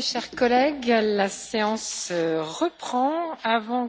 chers collègues la séance euh, reprend avant